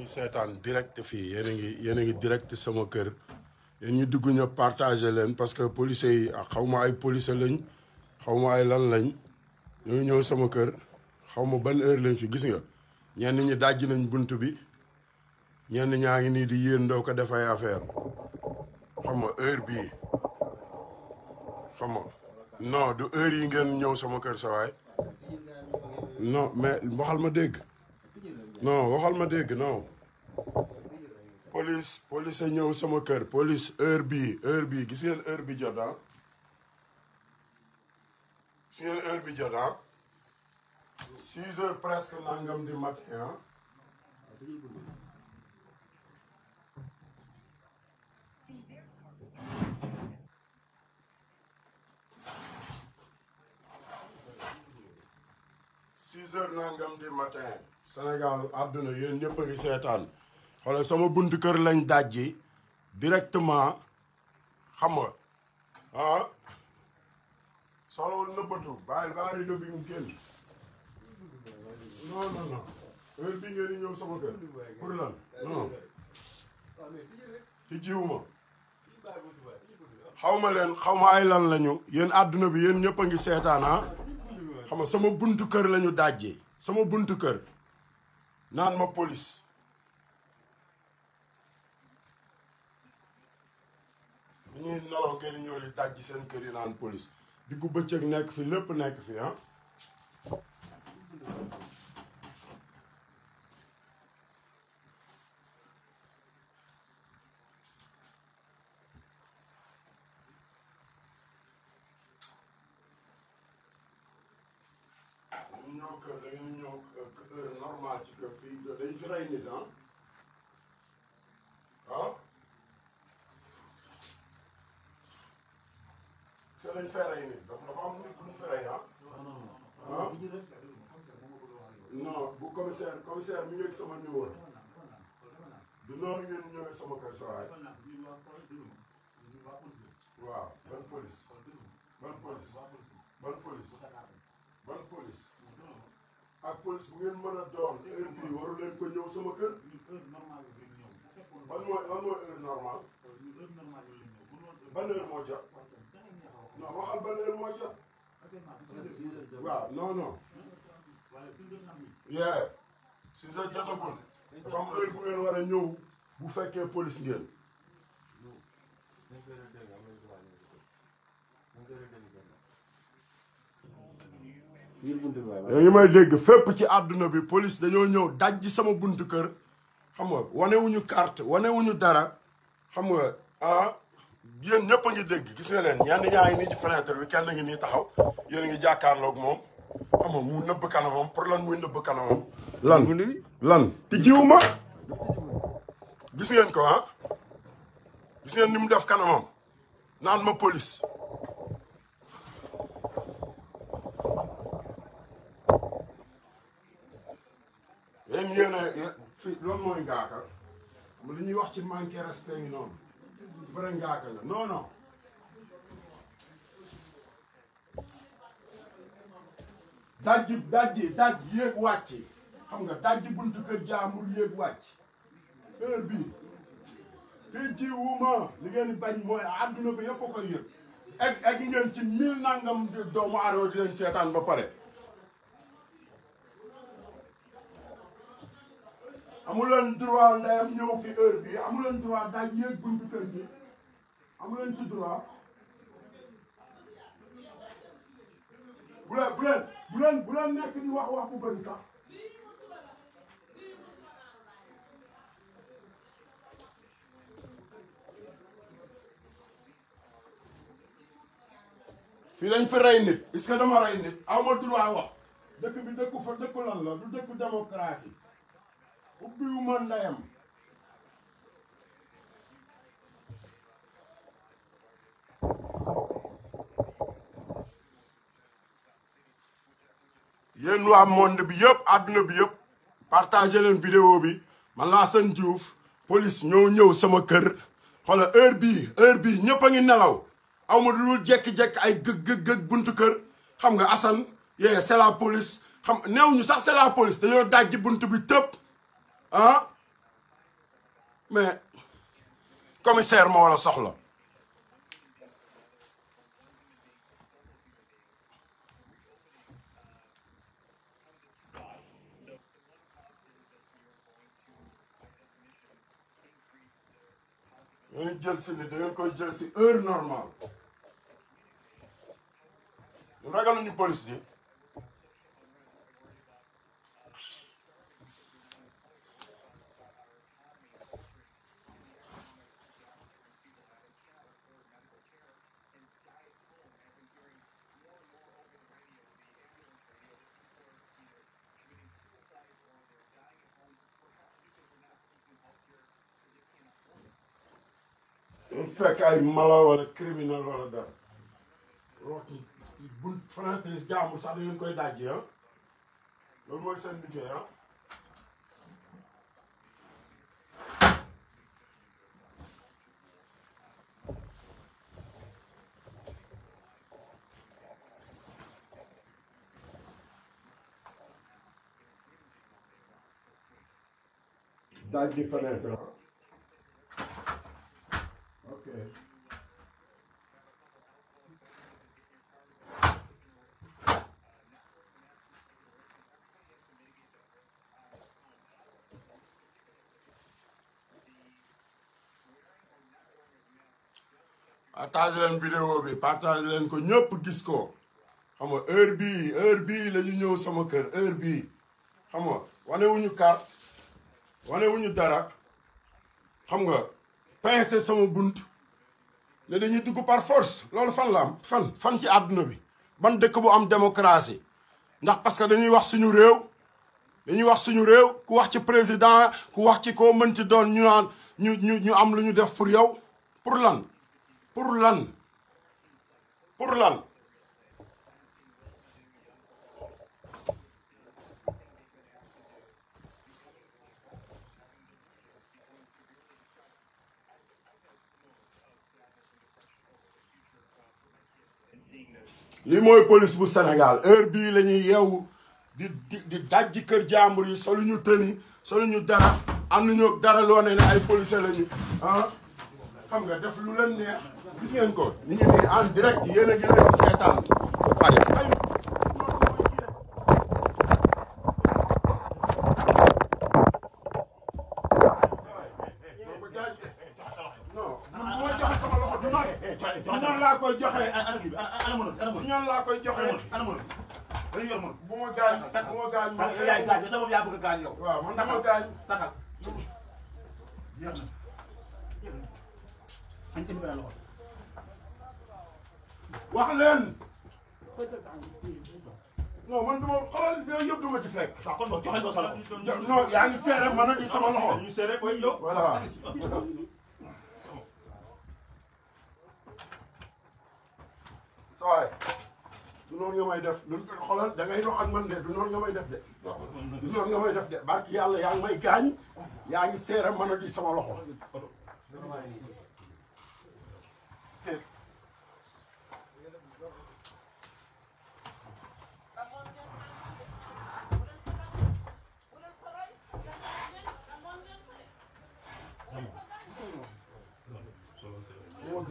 ñuy seetaan direct fii yéen ngi yéen a ngi direct sama kër yéen ñu dugg ñu partagé leen parce que policiers yi ah, xaw ma ay policiers lañ xaw ma ay lan lañ ñoo ñëw sama kër xaw ma ban heure lañ fi gis nga ñenn ñi dajji nañ bunt bi ñenn ñaa ngi nii di yéen doo ko defay ay affaire xam ma heure bii xam nga non du heure yi ngeen ñëw sama kër sa waay mais waxal ma dégg. non waxal ma dégg non police police a ñëw sama kër police heure bii heure bii gis ngeen heure bi jot ah? bi jot ah six heures presque nangam di matin ah six di matin Sénégal àdduna yéen ñëpp a ngi seetaan xoolal sama buntu kër lañ dajji directement xam nga ah soxlawul nëbbatu bàyyi ba xaw ma leen xaw ma ay lan lañu yéen àdduna bi yéen ñëpp a ngi seetaan ah xam sama buntu kër lañu dajji sama buntu kër naan ma police bu ñuy nelaw ngeen ñëw di daj seen kër yi naan police di ko bëccëg nekk fi lépp nekk fi ah Euh, ñëw kër da ngeen ñëw heure normal ci kër fii euh, dañ fi rey nit ah waaw se dañ fee rey nit dafa dafa am nit bu ñu fi rey ah ah non bu commissaire commissaire mi yëg sama numéro du noonu ngeen ñëwee sama ban police ban police ban police ban police. ak police bu ngeen mën a doon heure bii waru leen ko ñëw sama kër. heure normale la ngeen ñëw. ban mooy ban mooy heure normale. heure normale la ngeen ñëw. ban heure moo jot. non waxal ban heure moo jot. waaw non non. yee. six heures jotagul. dafa am heure bu ngeen war a ñëw bu fekkee police ngeen. yaa ngi may dégg fépp ci àdduna bi police dañoo ñëw daj sama buntu kër xam nga wanewuñu carte wanewuñu dara xam nga ah yéen ñëpp a dégg gis nga leen ñenn ñaa ngi nii ci fenêtre bi kenn ngi nii taxaw yéen a ngi jàkkaarloog moom xam nga mu nëbb kanamam pour lan muy nëbb kanamam. lan lan ti jiw ma gis ko ah gis ni mu def kanamam naan ma police. yéen eh, fi loolu mooy ngaaka lu ñuy wax ci manqué respect ngaaka la non non dajji dajji dajji yéeg xam nga dajji buntu kër jaambur yéeg wàcc heure bii fii li ngeen bañ mooy adduna bi yëpp a koy yëg egg ngeen ci mille nangam doomu aadama di leen seetaan ba pare amuleen droit ndeyam ñëw fi heure bi amuleen droit daaj yéeg buntu amuleen ci droit bu leen bu leen bu leen bu nekk di wax wax bu bëri sax fii lañ fi wax dëkk bi dëkku fa dëkku lan la du dëkku ubbiwuma ndeyam yéen waa monde bi yëpp àdduna bi yëpp partagé leen vidéo bi man laa seen Diouf police ñoo ñëw sama kër xoola heure bii heure bi ñëpp a nelaw aw ma dul jékki ay gëg gëg gëg buntu kër xam nga Assane yee c'est la police xam néew sax c'est la police dañoo dajji buntu bi tëpp ah mais commissaire moo la soxla yooyu jël si ni koy jël si heure normale ragal police bi fekk ay mala wala criminel wala dara root buñ fenêtre jaamu sax da ngeen koy dajji ah mooy seen liggéey ah fenêtre ah. partage leen vidéo bi partage leen ko ñëpp gis ko xam nga heure bii heure bii la ñu ñëw sama kër heure bi xam nga wane wuñu carte wane wuñu dara xam nga pincé sama bunt ne dañuy dugg par force loolu fan la am fan fan ci àdduna bi ban dëkk bu am démocratie ndax parce que dañuy wax suñu réew dañuy wax suñu réew ku wax ci président ku wax ci ko mën ci doon ñu naan ñu ñu ñu am lu ñu def pour yow pour lan pour lan pour lan li mooy police bu Sénégal heure bii la ñuy yeewu di di di dajji kër jàmbur yi solu ñu tëni solu ñu dara am nañu dara loo ne ne ay policier lañu ah. xam nga def lu leen neex gis ngeen ko ñu ngi nii en direct yéen a ngi leen seetaan pare ñoom laa koy joxe ana mo dañu yor mo bu ma gaañ bu ma gaañ man yaay gaañ sa bopp yaa bëgg gaañ yow waaw man dama gaañ wax leen. non man duma ma yooyu yëpp duma ko sa loxo. non yaa ngi seere ma nag ñu seere koy yow. voilà. sa waay du ak man de du noonu nga may def de. du noonu nga may def de barki yàlla yaa ngi may gaañ. yaa ngi seere ma nag sama loxo.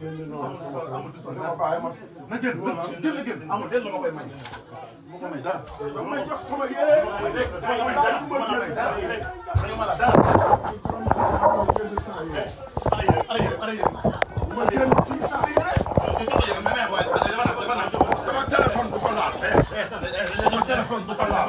na jël jël na jël amul jël na ma koy may. ma ko may dara. ma may jox sama yéen. ma may dara ma may dara ma may dara. ma la dara. ma jël si saa yéen. sama téléphone du ko laal. Eh, eh, eh, sama téléphone du ko laal.